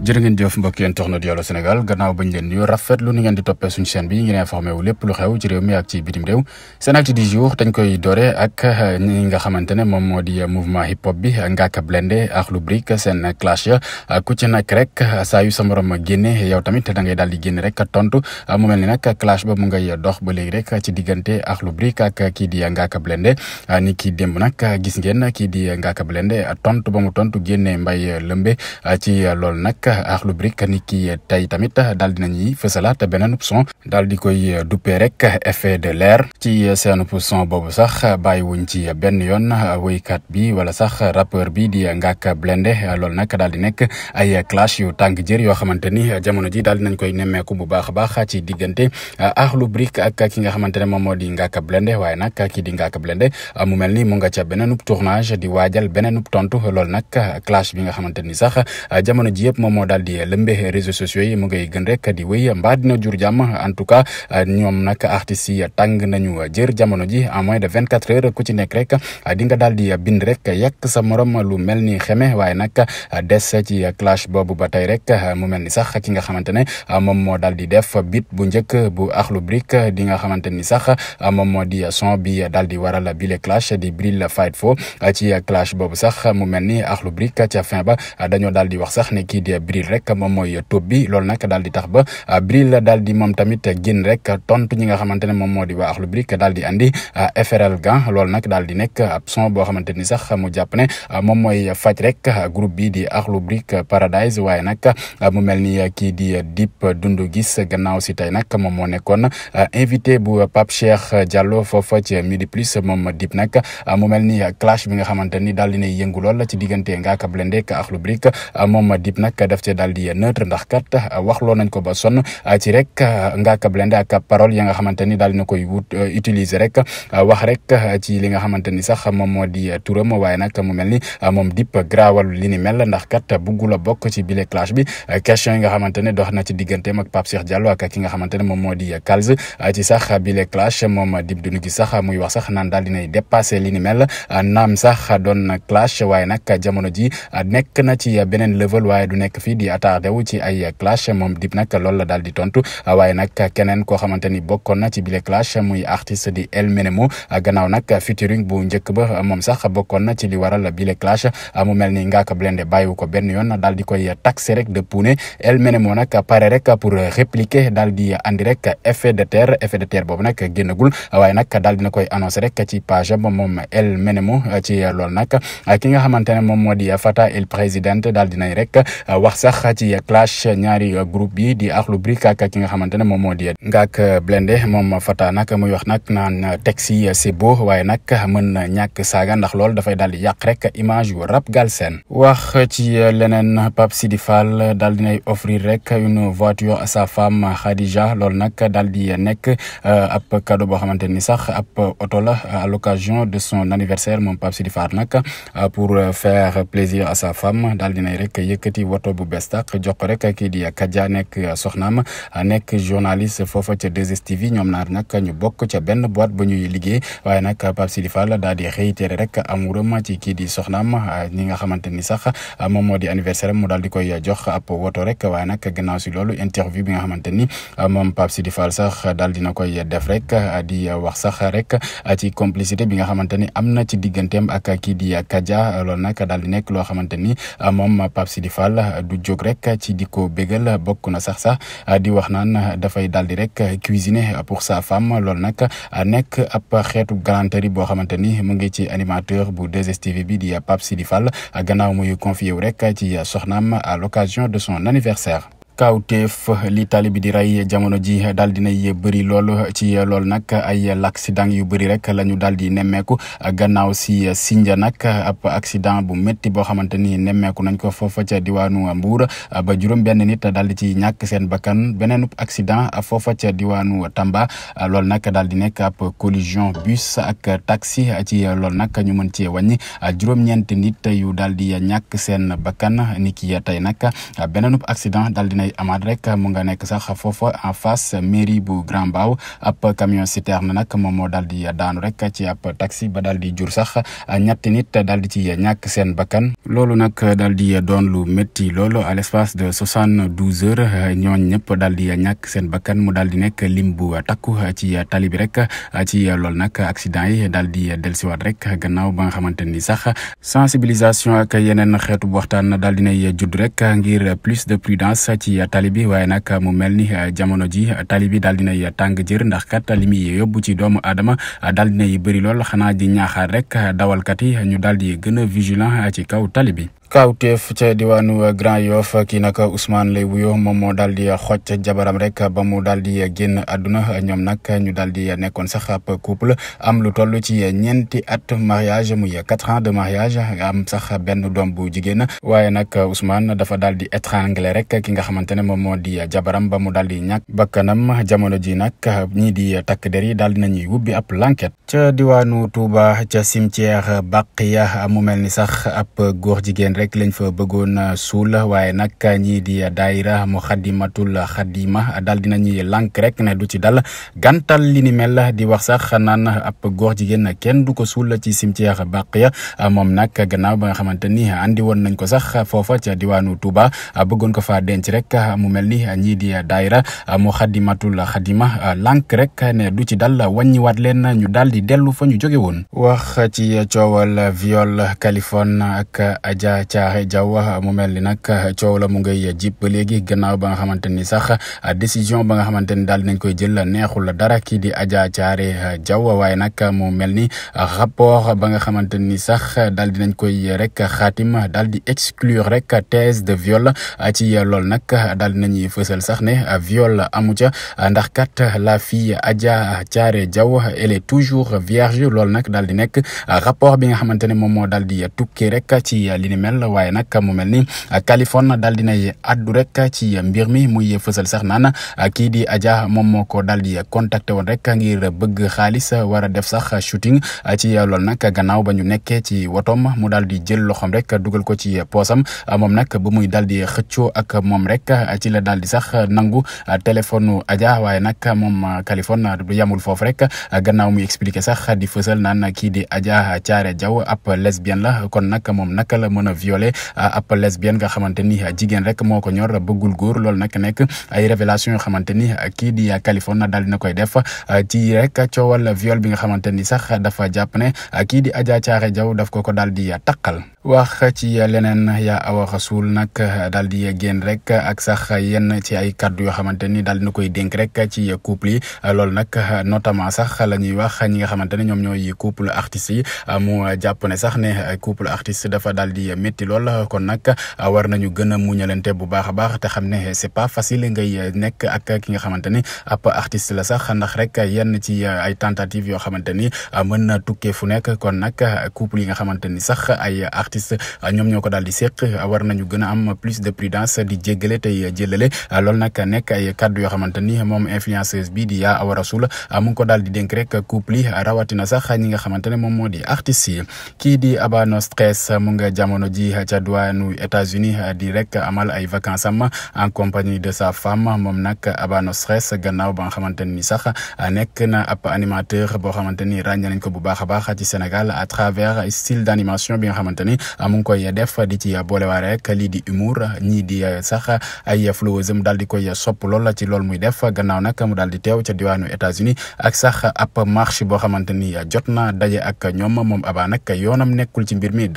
jërë ngeen jëf mbokk yéen toxna di Allô Sénégal gannaaw bañ leen nuyu rafet lu ni ngeen di toppee suñu chaîne bi ngeen informé wu lépp lu xew ci réew mi ak ci bitim réew seen acte dañ koy doore ak eh, ñi nga xamante ne moom moo di eh, mouvement hip hop bi Ngaaka Blindé a Akhlou Brick seen clash ya eh, ku ci nekk rek saa yu sa morom génne yow tamit da ngay daal di génne rek tontu mu ni nag clash ba mu ngay dox ba léegi rek ci diggante Akhlou Brick ak kii di Ngaaka Blindé ni kii démb nag gis ngeen kii di Ngaaka Blindé tontu ba mu tontu génne Mbaye Lëmbe ci loolu nag Akhlou Brick ni ki tey tamit daal di nañuy fësalaat beneen son daal di koy duppee rek effet de leer ci seen son boobu sax wuñ ci benn yoon woykat bi wala sax rappeur bi di Ngaaka Blindé loolu nag daal di nekk ay clash yu tàng jër yoo xamante ni jamono ji daal di nañ koy nemmeeku bu baax a baax ci diggante Akhlou Brick ak ki nga xamante ne moom moo di Ngaaka Blindé waaye nag ki di Ngaaka Blindé mu mel ni mu nga ca beneenub tournage di waajal beneenub tontu loolu nag clash bi nga xamante ni sax jamono ji yëpp moom moo daal di lëmbee réseaux sociaux yi mu ngay gën rek di wéy mbaa jur jàmm en tout cas ñoom nag artistes yi tàng nañu jër jamono ji en moins de vingt ku ci nekk rek di nga daal di bind rek yàq sa morom lu mel ni xeme waaye nag des ci clash boobu ba tey rek mu mel ni sax ki nga xamante ne moom moo daal di def bit bu njëkk bu Akhlou Brick di nga xamante ni sax moom mo di son bi daal di waral bile clash di Bril Fight Fo ci clash Bril rek moom mooy tub bi loolu nag di tax ba ah, Bril daal di moom tamit génn rek ne moom moo di waa Akhlou Brick daal di andi ah, FRL gan loolu daal di nekk ab son boo xamante ni sax mu jàpp ah, moom mooy faj rek groupe bi di Akhlou Brick Paradise waaye nag mu mel ni kii di Dip Doundou Guiss gannaaw si tey nag moom moo nekkoon invité bu Pape Cheikh Diallo foofa ci Midi Plus moom Dip nag mu mel ni clash bi nga xamante ni daal di nay yëngu lool ci diggante Ngaaka Blindé ak Akhlou Brick moom Dip nag daf cee daal di neutre ndax kat euh, waxloo nañ ko ba sonn euh, ci rek euh, Ngaaka Blindé ak parole ya nga xamante ni daal na koy utiliser rek wax rek ci li nga xamante ni sax moom moo di turam waaye nag mu mel ni moom dip garaawal li ni mel ndax kat a bokk ci yi nga xamante ne dox na ci digganteem ak Pape Cheikh Diallo ak ki nga xamante ne moom moo di Kalz ci sax bile clash a dip du ñu gis sax muy wax sax naan daal dinay dépassé li ni mel naam sax doon clash waaye nag jamono ji nekk na ci beneen level waaye du nekk fi fii di attardé wu ci ay clash moom dib nag loolu la di tontu waaye nag keneen koo xamante ni ci bile clash muy artiste di El Menemo gannaaw nag featuring bu njëkk ba moom sax bokkoon na ci li waral bile clash mu mel ni Ngaaka Blindé bàyyiwu ko benn yoon daal di koy taxé rek de puune El Menemo nag pare rek pour répliquer daal di andi rek effet de de terre El Menemo ci loolu nag ki nga xamante ne moom moo di Fata El Présidente daal dinay rek wax sax ci clash ñaari group bi di Akhlou Brick ak ki nga xamante ne moom moo di Ngaaka Blindé moom Fata nak muy wax nag naan texte yi c'est beau waaye nag mën na ñàkk saaga ndax loolu dafay daal di yàq rek image rab gal seen wax ci leneen Pape Sidi Fall daal dinay offrir rek une voiture à sa femme Khadija loolu nag daal di nekk euh, ab cadeau boo xamante ni sax ab oto la à l'occasion de son anniversaire moom Pape Sidi Fall nag euh, pour faire plaisir à sa femme daal dinay rek yëkkati woto bu bees tàq jox ko rek kii di Kaja nekk euh, soxnaam euh, nekk journaliste foofa ca 2STV ñoom naar nag ñu bokk ca benn boîte ba ñuy liggéey waaye nag Pape Sidi Fall daal di xëyitéere rek amuram ci kii di soxnaam euh, ñi nga xamante ni sax moo di anniversaire mu daal di koy jox ab woto rek waaye nag gannaaw si loolu interview bi nga xamante ni moom Pape Sidi Fall sax daal dina koy def rek di wax sax rek ci complicité bi nga xamante ni am na ci digganteem ak kii di Kaja loolu nag daal di nekk loo xamante ni moom Pape Sidi du jóg rek ci di ko bégal bokk na sax sax di wax naan dafay daal di rek cuisiner pour sa femme loolu nag nekk ab xeetu galanterie boo xamante ni mu ngi ci animateur bu 2STV bi di Pape Sidi Fall gannaaw muy confié wu rek ci soxnaam à l'occasion de son anniversaire. kawteef li tali bi di rey jamono ji daal dinay bëri lool ci lool nag ay accident yu bëri rek lañu ñu daal di nemmeeku gannaaw si Sindia nag ab accident bu metti boo xamante ni nemmeeku nañ ko foofa ca diwaanu Mbour ba juróom-benn nit daal di ci ñàkk seen bakkan beneen accident foofa ca diwaanu Tamba loolu nag daal di nekk ab collision bus ak taxi ci loolu nag ñu mën cee wàññi juróom nit yu daal di ñàkk seen bakkan koy amaat rek mu nga nekk sax foofa en face mairie bu Grand Mbao ab camion citerne nag moom moo daal di daanu rek ci ab taxi ba daal di jur sax ñetti nit daal di ci ñàkk seen bakkan loolu nag daal di doon lu métti loolu à l'espace de soixante douze heures ñooñ ñëpp daal di ñàkk seen bakkan mu daal di nekk lim bu takku ci tali bi rek ci loolu nag accident yi daal di dellusiwaat rek gannaaw ba nga xamante ni sax sensibilisation ak yeneen xeetu waxtaan daal ci tali bi waaye nag mu mel ni ah, jamono ji tali bi daal dinay tàng jër ndax kat li muy yóbbu ci doomu aadama ah, daal yi bëri lool xanaa di ñaaxaar rek dawalkat yi ñu daal di gën a vigilant ci kaw tali bi kawteef ca diwaanu Grand Yoff kii nag Ousmane lay wuyoo moom moo daal di xoj jabaram rek ba mu daal di génn àdduna ñoom nag ñu daal di nekkoon sax ab couple am lu toll ci ñeenti at mariage muy quatre ans de mariage am sax benn doom bu jigéen waaye nag Ousmane dafa daal di étrangler rek ki nga xamante ne moom moo di jabaram ba mu daal di ñàkk bakkanam jamono ji nag ñii di takk der yi daal di nañuy wubbi ab l'enquête ca diwaanu Touba ca cimetière Baqiya mu mel ni sax ab góor jigéen rek lañ fa bëggoon euh, suul waaye nag ñii di daayira mu xaddimatul xaddima daal dina ñuy lànk rek ne du ci dal gàntal li ni mel di wax sax naan ab góor jigéen kenn du ko suul ci cimetière Baqiya moom nag gannaaw ba nga xamante ni andi woon nañ ko sax foofa ca diwaanu Touba bëggoon ko faa denc rek mu mel ni ñii di daayira mu xaddimatul xaddima lànk rek ne du ci dal wàññiwaat leen ñu daal di dellu fa ñu jóge woon wax ci coowal viol Kaliphone ak Adja Thiaré jaw mu mel ni nag coola la mu ngay jib ba léegi gannaaw ba nga xamante ni sax décision ba nga xamante ni daal nañ koy jël neexul la dara kii di Adja Thiaré Diaw waaye nag mu mel ni rapport ba nga xamante ni sax daal dinañ koy rek xaatim daal di exclure rek thèse de viol ci lool nag daal dinañuy fësal sax ne viol amu ca ndax kat la fille Adja Thiaré Diaw elle est toujours vierge lool nag daal di nekk rapport bi nga xamante ne moom moo daal di tukki rek ci li ni mel lool waaye nag mu mel ni Californie daal dinay addu rek ci mbir mi muy fësal sax naan kii di Adja moom moo ko daal di contacté woon rek ngir bëgg xaalis war a def sax shooting ci loolu nag gannaaw ba ñu nekkee ci wotoom mu daal di jël loxoom rek dugal ko ci poosam moom nag ba muy daal di xëccoo ak moom rek ci la daal di sax nangu téléphone Adja waaye nag moom Californie yamul foofu rek gannaaw muy sax di fësal naan kii di Adja Thiaré Diaw la kon nag moom naka la mën a violé euh, ab lesbienne nga xamante ni jigéen rek moo ko ñor bëggul góor loolu nag nekk ay révélation yoo xamante ni kii di Californie daal dina koy def euh, ci rek coowal viol bi nga xamante ni sax dafa jàpp a kii di Adja Thiaré Diaw daf ko ko daal di takal wax ci leneen yaa Awa Rassoul nag dal di génn rek ak sax yen ci ay kaddu yoo xamante ni daal dina koy dénk rek ci couple yi euh, loolu nag notamment sax a ñuy wax ñi nga xamante ne ñoom ñooy couple artistes yi mu a ne sax ne couple artiste métti lool kon nag war nañu gën a muñalante bu baax a baax te xam ne c'est pas facile ngay nekk ak ki nga xamante ni ab artiste la sax ndax rek yenn ci ay tentatives yoo xamante ni mën na tukkee fu nekk kon nag couple yi nga xamante ni sax ay artiste ñoom ñoo ko daal di séq war nañu gën a am plus de prudence di jéggale tey jëlale loolu nag nekk ay kàddu yoo xamante ni moom influenceuse bi di a wara Rassoul mu ngi ko daal di dénk rek couple yi rawatina sax ñi nga xamante ne moom moo di artiste ji ca duwaanu États-Unis eh, di rek amal ay vacances am en compagnie de sa femme moom nag Aba Nostress gannaaw ba nga xamante ni sax eh, nekk na ab animateur boo xamante ni ràññee nañ ko bu baax a baax ci Sénégal à travers style d'animation bi nga xamante ni eh, mu ngi koy def di ci boolewaare rek lii di humour ñii di sax ay flowsam daal di koy sopp lool ci loolu muy def gannaaw nag mu daal di teew ca diwaanu États-Unis ak sax ab marche boo xamante ni jot na daje ak ñoom moom Aba nag yoonam mbir mi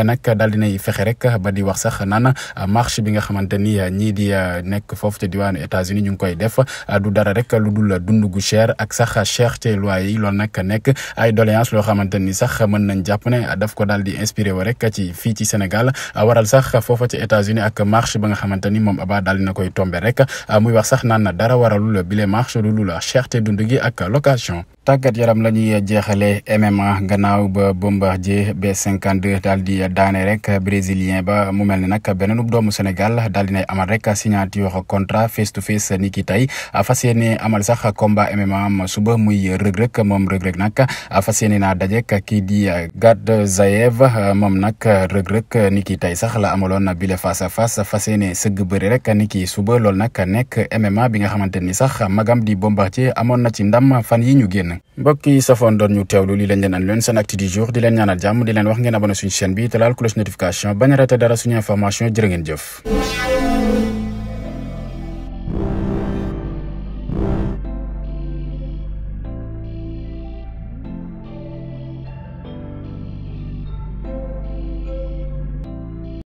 waaye nag daal dinay fexe rek ba di wax sax naan marche bi nga xamante ni ñii di euh, nekk foofu ca diwaanu États-Unis ñu ngi koy def euh, du dara rek lu dul dund gu cher ak sax cher te loyer yi loo nag nekk ay doléance loo xamante ni sax mën nañ jàpp ne def ko daal di inspiré wu rek ci fii ci Sénégal euh, waral sax foofa ca États-Unis ak marche ba nga xamante ni moom Aba daal dina koy tombé rek muy wax sax naan dara waralul bile marche lu dul cher te dund gi ak location. tàggat yaram la ñuy jeexalee MMA gannaaw ba daane rek brésilien ba mu mel ni nag beneen doomu Sénégal daal dinay amal rek signature contrat face to face ni ki tey fas yéene amal sax combat MMA am suba muy rek rek moom rek rëg nag fas yéene naa dajek kii di Gad Zayev moom nag ki tey sax la amaloon bile face à face fas yéene sëgg bëri rek ni ki suba loolu nag nekk MMA bi nga xamante ni sax magam di Bombardier amoon na ci fan yi ñu génn mbokk yi ñu teewlu li leen leen an di leen ñaanal jàmm di leen wax ngeen abonné suñu laal cloche notification bañ a raté dara suñu information jërë ngeen jëf